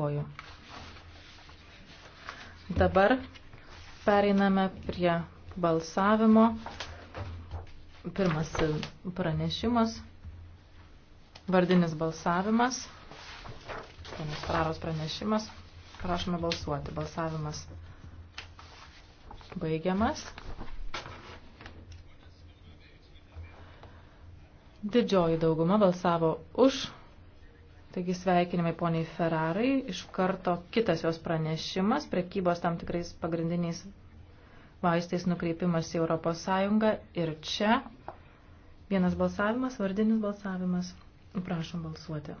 Dėkoju. Dabar pereiname prie balsavimo. Pirmas pranešimas, vardinis balsavimas, ponas Praros pranešimas. Prašome balsuoti. Balsavimas baigiamas. Didžioji dauguma balsavo už Taigi sveikinimai poniai Ferrarai. Iš karto kitas jos pranešimas - prekybos tam tikrais pagrindiniais vaistais nukreipimas į Europos Sąjungą. Ir čia vienas balsavimas, vardinis balsavimas. Prašom balsuoti.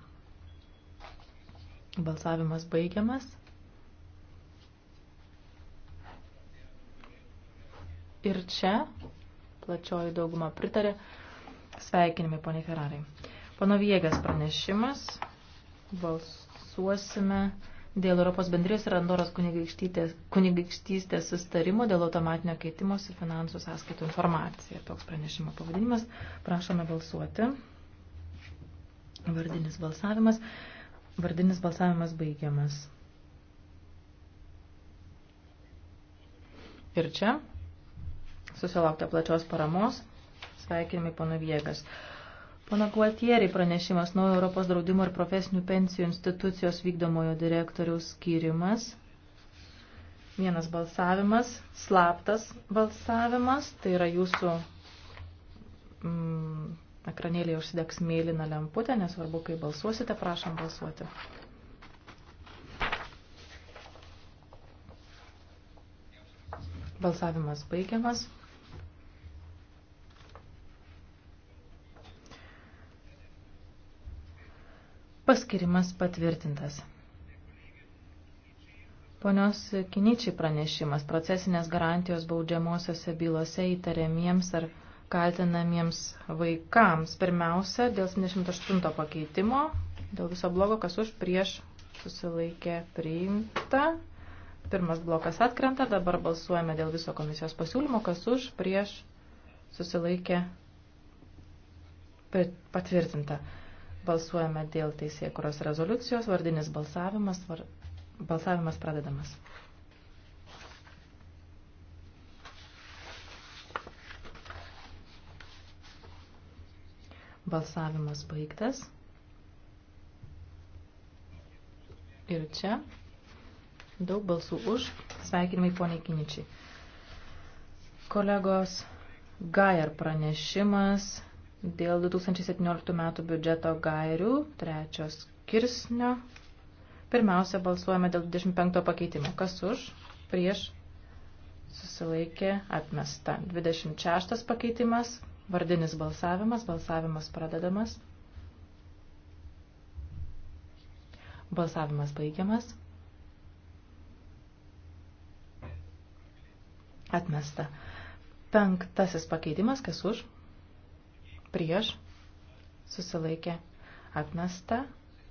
Balsavimas baigiamas. Ir čia plačioji dauguma pritarė. Sveikinimai, poniai Ferrarai. Pano Viegas pranešimas balsuosime dėl Europos bendrijos ir Andoros kunigaikštystės sustarimo dėl automatinio keitimosi finansų sąskaitų informacija. Toks pranešimo pavadinimas. Prašome balsuoti. Vardinis balsavimas. Vardinis balsavimas baigiamas. Ir čia susilaukta plačios paramos. Sveikinimai, pono Viegas. Pana Gualtieri pranešimas naujo Europos draudimo ir profesinių pensijų institucijos vykdomojo direktoriaus skirimas. Vienas balsavimas, slaptas balsavimas, tai yra jūsų mm, ekranėlėje užsidegs mėlyną lemputę, nesvarbu, kai balsuosite, prašom balsuoti. Balsavimas baigiamas. Paskirimas patvirtintas. Ponios Kiničiai pranešimas procesinės garantijos baudžiamosiose bylose įtariamiems ar kaltinamiems vaikams. Pirmiausia, dėl 78 pakeitimo, dėl viso blogo, kas už prieš susilaikė priimta. Pirmas blokas atkrenta, dabar balsuojame dėl viso komisijos pasiūlymo, kas už prieš susilaikė patvirtinta. Balsuojame dėl teisėkuros rezoliucijos. Vardinis balsavimas. Var... Balsavimas pradedamas. Balsavimas baigtas. Ir čia daug balsų už. Sveikinimai poniai Kiničiai. Kolegos Gajer pranešimas dėl 2017 metų biudžeto gairių trečios kirsnio. Pirmiausia, balsuojame dėl 25 pakeitimo. Kas už? Prieš? Susilaikė atmesta. 26 pakeitimas. Vardinis balsavimas. Balsavimas pradedamas. Balsavimas baigiamas. Atmesta. Penktasis pakeitimas. Kas už? prieš, susilaikė, atmesta.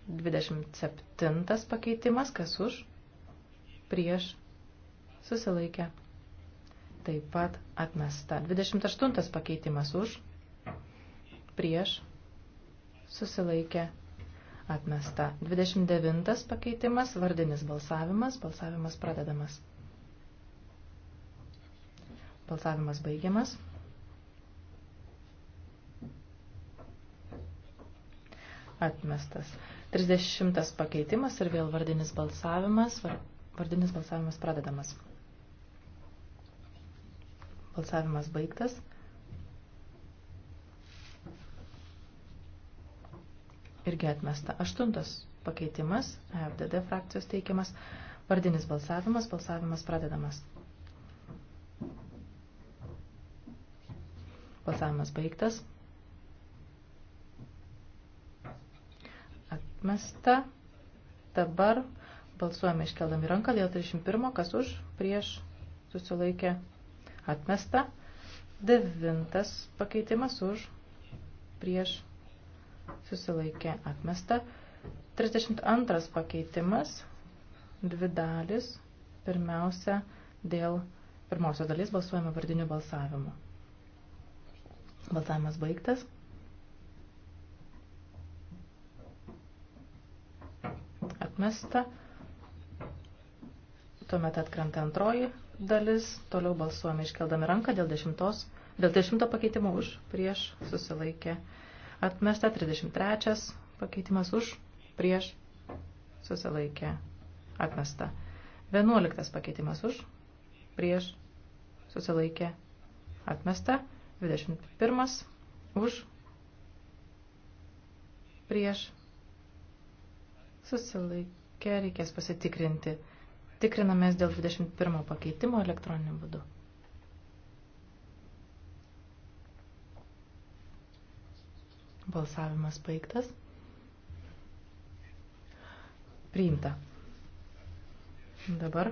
27 pakeitimas, kas už, prieš, susilaikė, taip pat atmesta. 28 pakeitimas už, prieš, susilaikė, atmesta. 29 pakeitimas, vardinis balsavimas, balsavimas pradedamas. Balsavimas baigiamas. atmestas. 30 pakeitimas ir vėl vardinis balsavimas. Vardinis balsavimas pradedamas. Balsavimas baigtas. Irgi atmesta. Aštuntas pakeitimas, FDD frakcijos teikiamas. Vardinis balsavimas, balsavimas pradedamas. Balsavimas baigtas. atmesta. Dabar balsuojame iškeldami ranką dėl 31, kas už, prieš, susilaikė, atmesta. Devintas pakeitimas už, prieš, susilaikė, atmesta. 32 pakeitimas, dvi dalis, pirmiausia dėl pirmosios dalies balsuojame vardiniu balsavimu. Balsavimas baigtas. atmesta. Tuomet atkrenta antroji dalis. Toliau balsuojame iškeldami ranką dėl dešimtos. Dėl dešimto pakeitimo už, prieš, susilaikė. Atmesta 33 pakeitimas už, prieš, susilaikė. Atmesta. 11 pakeitimas už, prieš, susilaikė. Atmesta. 21 už, prieš, Susilaikė, reikės pasitikrinti. Tikrinamės dėl 21 pakeitimo elektroniniu būdu. Balsavimas baigtas. Priimta. Dabar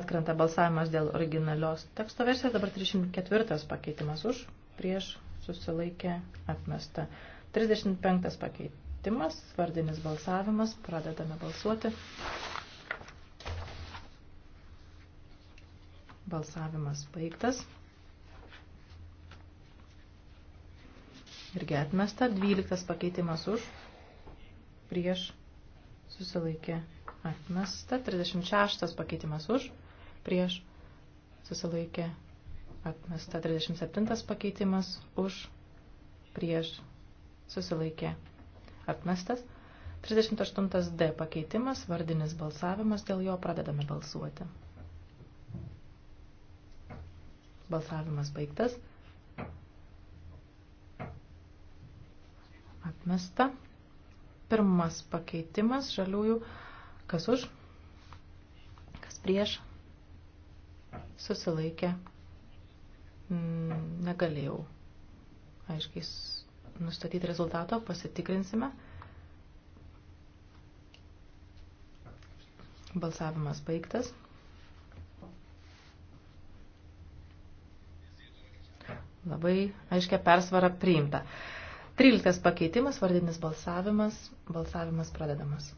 atkrenta balsavimas dėl originalios teksto versijos. Dabar 34 pakeitimas už, prieš, susilaikė, atmesta. 35 pakeitimas, vardinis balsavimas, pradedame balsuoti. Balsavimas baigtas. Irgi atmesta. 12 pakeitimas už. Prieš. Susilaikė. Atmesta. 36 pakeitimas už. Prieš. Susilaikė. Atmesta. 37 pakeitimas už. Prieš susilaikė atmestas. 38D pakeitimas, vardinis balsavimas, dėl jo pradedame balsuoti. Balsavimas baigtas. Atmesta. Pirmas pakeitimas žaliųjų. Kas už? Kas prieš? Susilaikė. Mm, negalėjau aiškiai nustatyti rezultato, pasitikrinsime. Balsavimas baigtas. Labai aiškia persvara priimta. 13 pakeitimas, vardinis balsavimas, balsavimas pradedamas.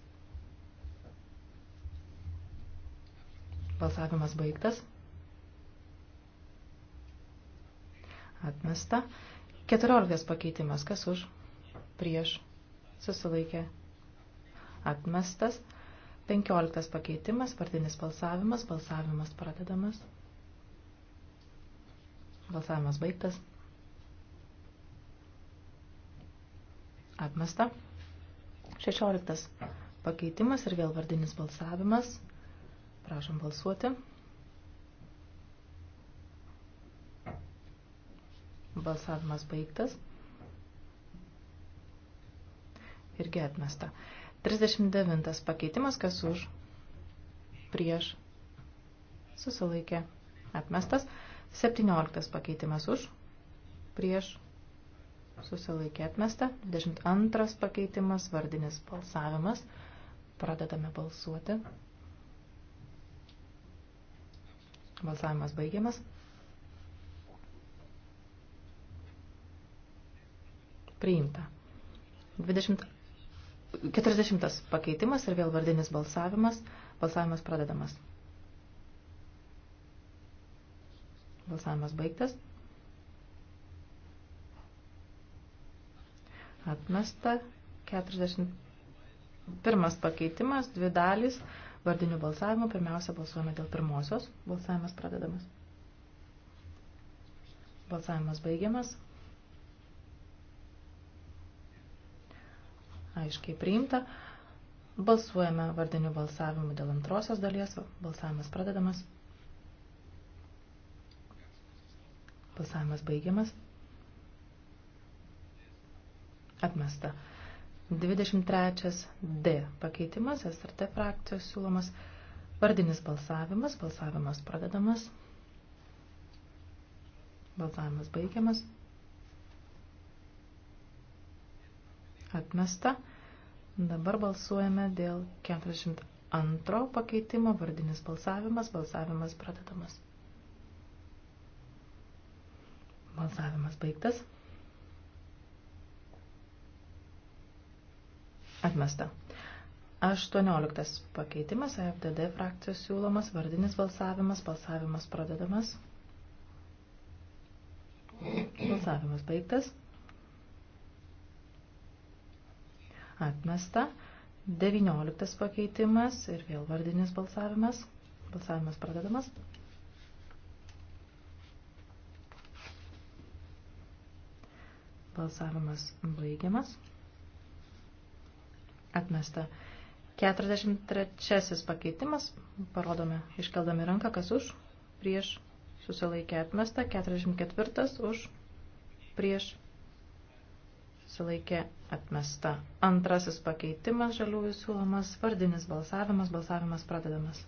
Balsavimas baigtas. Atmesta. Keturioliktas pakeitimas. Kas už? Prieš. Susilaikė. Atmestas. Penkioliktas pakeitimas. Vardinis balsavimas. Balsavimas pradedamas. Balsavimas baigtas. Atmesta. Šešioliktas pakeitimas ir vėl vardinis balsavimas. Prašom balsuoti. Balsavimas baigtas. Irgi atmesta. 39. Pakeitimas kas už. Prieš. Susilaikė. Atmestas. 17. Pakeitimas už. Prieš. Susilaikė atmesta. 22. Pakeitimas. Vardinis balsavimas. Pradedame balsuoti. Balsavimas baigiamas. Priimta. 20, 40 pakeitimas ir vėl vardinis balsavimas. Balsavimas pradedamas. Balsavimas baigtas. Atmesta. 41 pakeitimas, dvi dalys. Vardinių balsavimų pirmiausia balsuojame dėl pirmosios. Balsavimas pradedamas. Balsavimas baigiamas. aiškiai priimta. Balsuojame vardiniu balsavimu dėl antrosios dalies. Balsavimas pradedamas. Balsavimas baigiamas. Atmesta. 23 D pakeitimas, SRT frakcijos siūlomas. Vardinis balsavimas, balsavimas pradedamas. Balsavimas baigiamas. Atmesta. Dabar balsuojame dėl 42 pakeitimo, vardinis balsavimas, balsavimas pradedamas. Balsavimas baigtas. Atmesta. 18 pakeitimas, AFDD frakcijos siūlomas, vardinis balsavimas, balsavimas pradedamas. Balsavimas baigtas. atmesta. 19 pakeitimas ir vėl vardinis balsavimas. Balsavimas pradedamas. Balsavimas baigiamas. Atmesta. 43 pakeitimas. Parodome, iškeldami ranką, kas už, prieš, susilaikė atmesta. 44 už, prieš, susilaikė atmesta. Antrasis pakeitimas žaliųjų siūlomas, vardinis balsavimas, balsavimas pradedamas.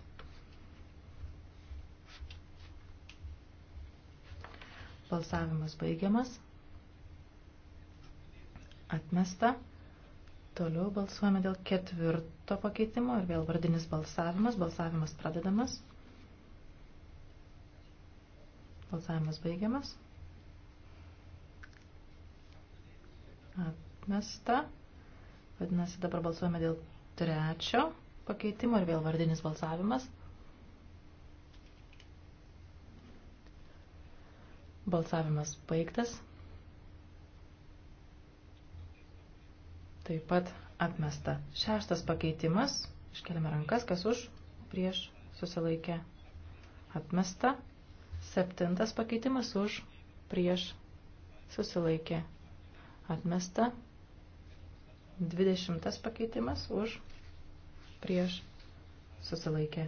Balsavimas baigiamas. Atmesta. Toliau balsuojame dėl ketvirto pakeitimo ir vėl vardinis balsavimas. Balsavimas pradedamas. Balsavimas baigiamas. atmesta. Vadinasi, dabar balsuojame dėl trečio pakeitimo ir vėl vardinis balsavimas. Balsavimas baigtas. Taip pat atmesta. Šeštas pakeitimas. Iškeliame rankas, kas už, prieš, susilaikė. Atmesta. Septintas pakeitimas už, prieš, susilaikė. Atmesta. Dvidešimtas pakeitimas už prieš susilaikė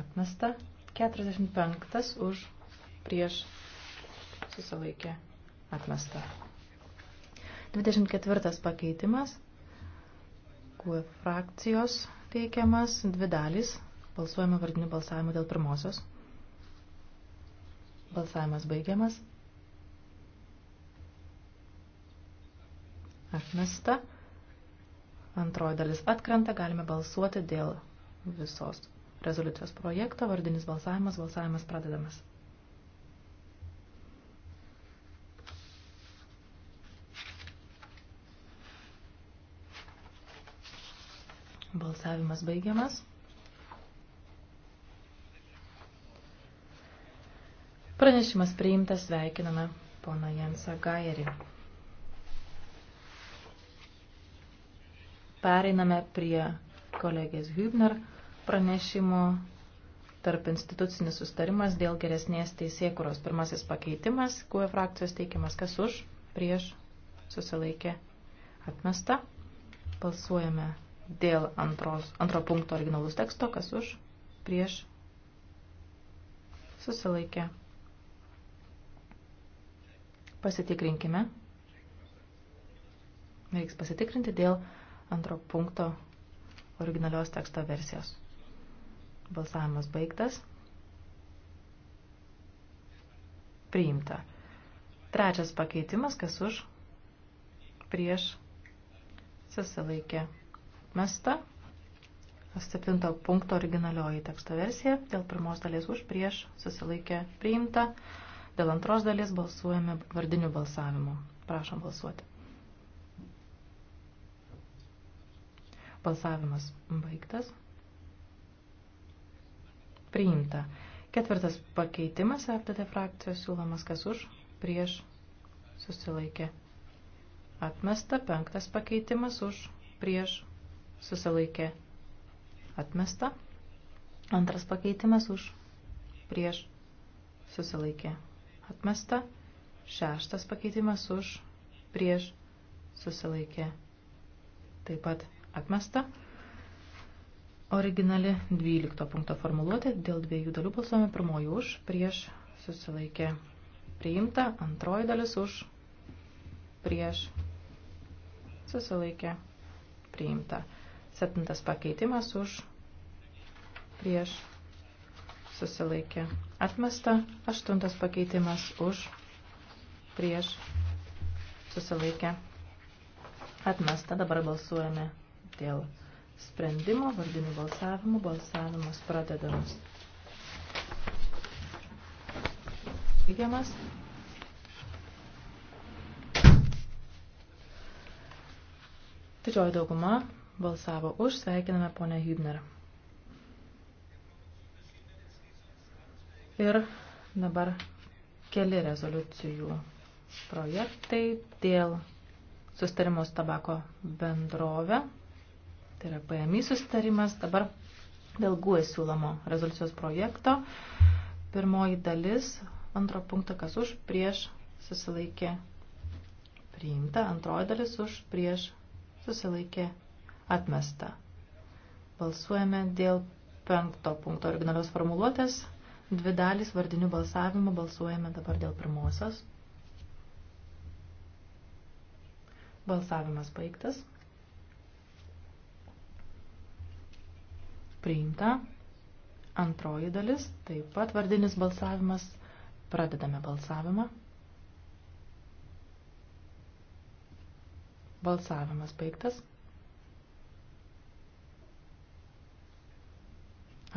atmesta. 45 už prieš susilaikė atmesta. 24 pakeitimas, kuo frakcijos teikiamas dvi dalys, balsuojama vardiniu balsavimu dėl pirmosios. Balsavimas baigiamas. Atmesta. Antroji dalis atkrenta, galime balsuoti dėl visos rezoliucijos projekto, vardinis balsavimas, balsavimas pradedamas. Balsavimas baigiamas. Pranešimas priimtas, sveikiname poną Jensą Gajerį. Pereiname prie kolegės Hübner pranešimo tarp institucinis sustarimas dėl geresnės teisėkuros. Pirmasis pakeitimas, kuo e frakcijos teikiamas, kas už, prieš, susilaikė, atmesta. Balsuojame dėl antros, antro punkto originalus teksto, kas už, prieš, susilaikė. Pasitikrinkime. Reiks pasitikrinti dėl antro punkto originalios teksto versijos. Balsavimas baigtas. Priimta. Trečias pakeitimas, kas už, prieš, susilaikė. Mesta. Septinto punkto originalioji teksto versija. Dėl pirmos dalies už, prieš, susilaikė, priimta. Dėl antros dalies balsuojame vardiniu balsavimu. Prašom balsuoti. Balsavimas baigtas. Priimta. Ketvirtas pakeitimas FDT frakcijos siūlomas kas už, prieš, susilaikė. Atmesta. Penktas pakeitimas už, prieš, susilaikė. Atmesta. Antras pakeitimas už, prieš, susilaikė. Atmesta. Šeštas pakeitimas už, prieš, susilaikė. Taip pat atmesta. Originali 12 punkto formuluotė dėl dviejų dalių balsuojame pirmoji už, prieš susilaikė priimta, antroji dalis už, prieš susilaikė priimta. Septintas pakeitimas už, prieš susilaikė atmesta, aštuntas pakeitimas už, prieš susilaikė atmesta. Dabar balsuojame dėl sprendimo vardinių balsavimų. Balsavimas pradedamas. Baigiamas. Didžioji dauguma balsavo už, sveikiname ponę Hübner. Ir dabar keli rezoliucijų projektai dėl sustarimo su tabako bendrove Tai yra PMI susitarimas. Dabar dėl GUE siūlomo rezoliucijos projekto. Pirmoji dalis, antro punktą, kas už, prieš, susilaikė, priimta. Antroji dalis už, prieš, susilaikė, atmesta. Balsuojame dėl penkto punkto originalios formuluotės. Dvi dalys vardinių balsavimų balsuojame dabar dėl pirmosios. Balsavimas baigtas. priimta. Antroji dalis, taip pat vardinis balsavimas. Pradedame balsavimą. Balsavimas baigtas.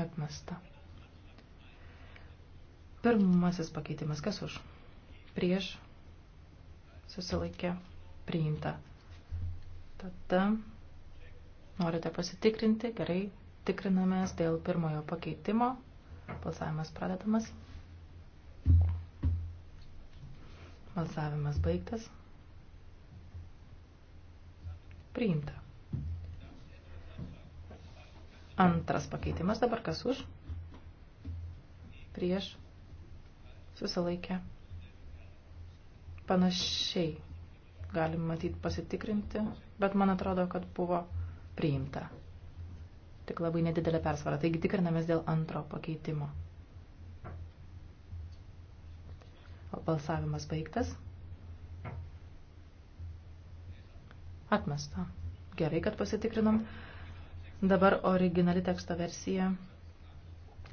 Atmesta. Pirmasis pakeitimas. Kas už? Prieš. Susilaikė. Priimta. Tada norite pasitikrinti. Gerai. Tikrinamės dėl pirmojo pakeitimo. Balsavimas pradedamas. Balsavimas baigtas. Priimta. Antras pakeitimas dabar kas už? Prieš. Susilaikę. Panašiai galim matyti pasitikrinti, bet man atrodo, kad buvo priimta tik labai nedidelė persvara. Taigi tikrinamės dėl antro pakeitimo. O balsavimas baigtas. Atmesta. Gerai, kad pasitikrinom. Dabar originali teksto versija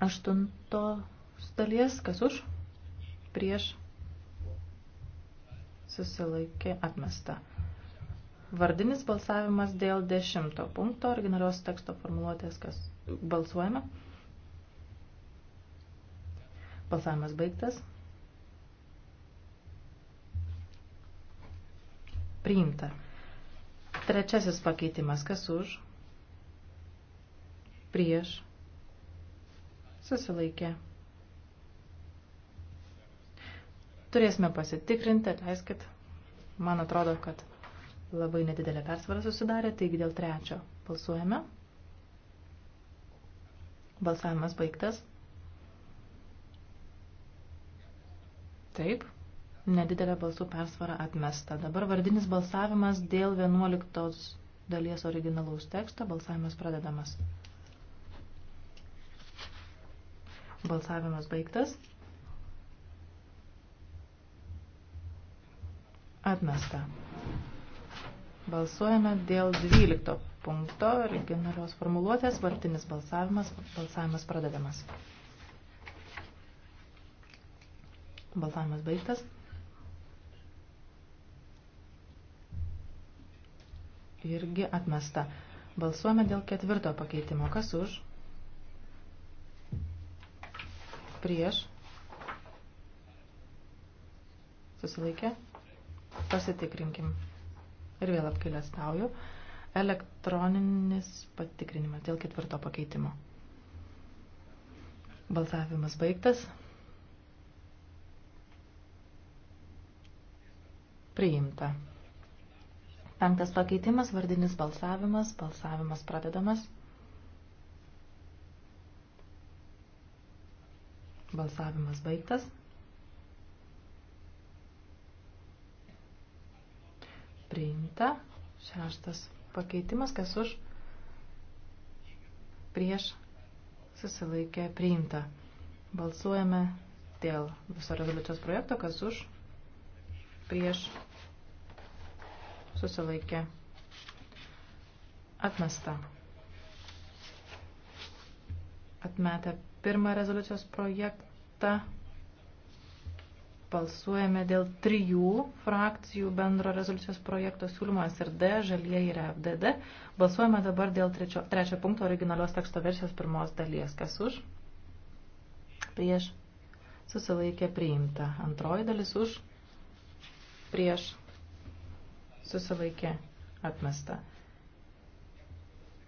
aštuntos dalies. Kas už? Prieš. Susilaikė atmesta. Vardinis balsavimas dėl dešimto punkto originalios teksto formuluotės, kas balsuojame. Balsavimas baigtas. Priimta. Trečiasis pakeitimas, kas už, prieš, susilaikė. Turėsime pasitikrinti, atleiskit. Man atrodo, kad Labai nedidelė persvara susidarė, taigi dėl trečio balsuojame. Balsavimas baigtas. Taip, nedidelė balsų persvara atmesta. Dabar vardinis balsavimas dėl 11 dalies originalaus teksto. Balsavimas pradedamas. Balsavimas baigtas. Atmesta. Balsuojame dėl 12 punkto originalios formuluotės, vartinis balsavimas, balsavimas pradedamas. Balsavimas baigtas. Irgi atmesta. Balsuojame dėl ketvirto pakeitimo. Kas už? Prieš. Susilaikė? Pasitikrinkim ir vėl apkailestauju, elektroninis patikrinimas dėl ketvirto pakeitimo. Balsavimas baigtas. Priimta. Penktas pakeitimas, vardinis balsavimas, balsavimas pradedamas. Balsavimas baigtas. priimta. Šeštas pakeitimas, kas už prieš susilaikė priimta. Balsuojame dėl viso rezoliucijos projekto, kas už prieš susilaikė atmesta. Atmetę pirmą rezoliucijos projektą balsuojame dėl trijų frakcijų bendro rezoliucijos projekto siūlymo SRD, žalieji ir FDD. Balsuojame dabar dėl trečio, trečio punkto originalios teksto versijos pirmos dalies. Kas už? Prieš. Susilaikė priimta. Antroji dalis už. Prieš. Susilaikė atmesta.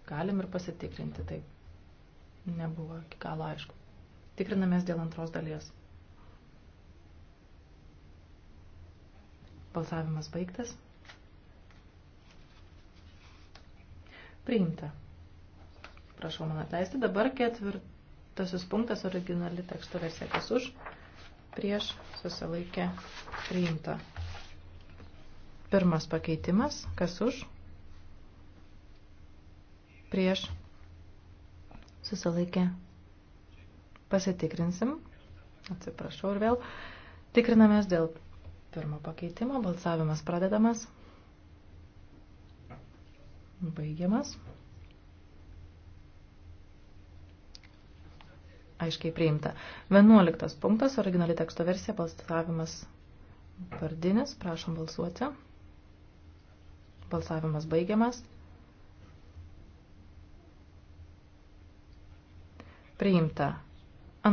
Galim ir pasitikrinti taip. Nebuvo iki galo aišku. Tikrinamės dėl antros dalies. Balsavimas baigtas. Priimta. Prašau man atleisti. Dabar ketvirtasis punktas originali teksto versija. Kas už? Prieš susilaikė. Priimta. Pirmas pakeitimas. Kas už? Prieš susilaikė. Pasitikrinsim. Atsiprašau ir vėl. Tikrinamės dėl Pirmo pakeitimo balsavimas pradedamas. Baigiamas. Aiškiai priimta. 11 punktas, originali teksto versija, balsavimas vardinis, prašom balsuoti. Balsavimas baigiamas. Priimta.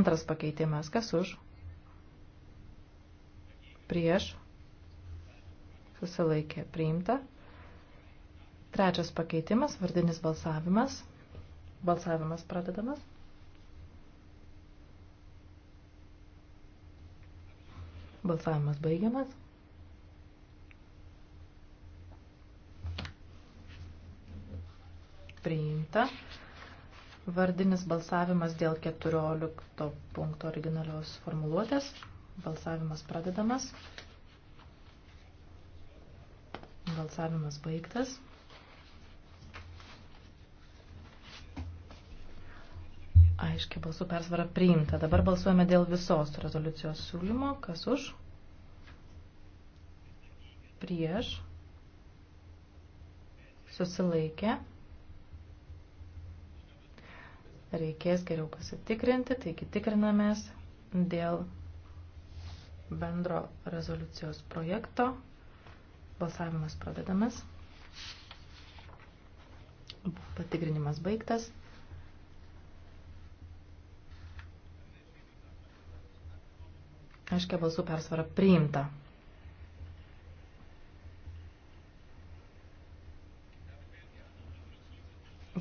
Antras pakeitimas, kas už? prieš, susilaikė priimta. Trečias pakeitimas, vardinis balsavimas. Balsavimas pradedamas. Balsavimas baigiamas. Priimta. Vardinis balsavimas dėl 14 punkto originalios formuluotės. Balsavimas pradedamas. Balsavimas baigtas. Aiškiai balsų persvara priimta. Dabar balsuojame dėl visos rezoliucijos siūlymo. Kas už? Prieš. Susilaikė. Reikės geriau pasitikrinti, taigi tikrinamės dėl bendro rezoliucijos projekto. Balsavimas pradedamas. Patikrinimas baigtas. Aiškia balsų persvara priimta.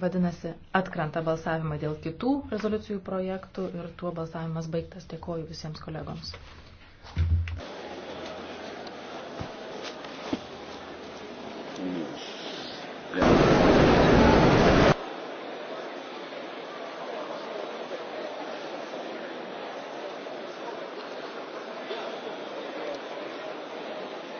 Vadinasi, atkrenta balsavimą dėl kitų rezoliucijų projektų ir tuo balsavimas baigtas. Dėkoju visiems kolegoms.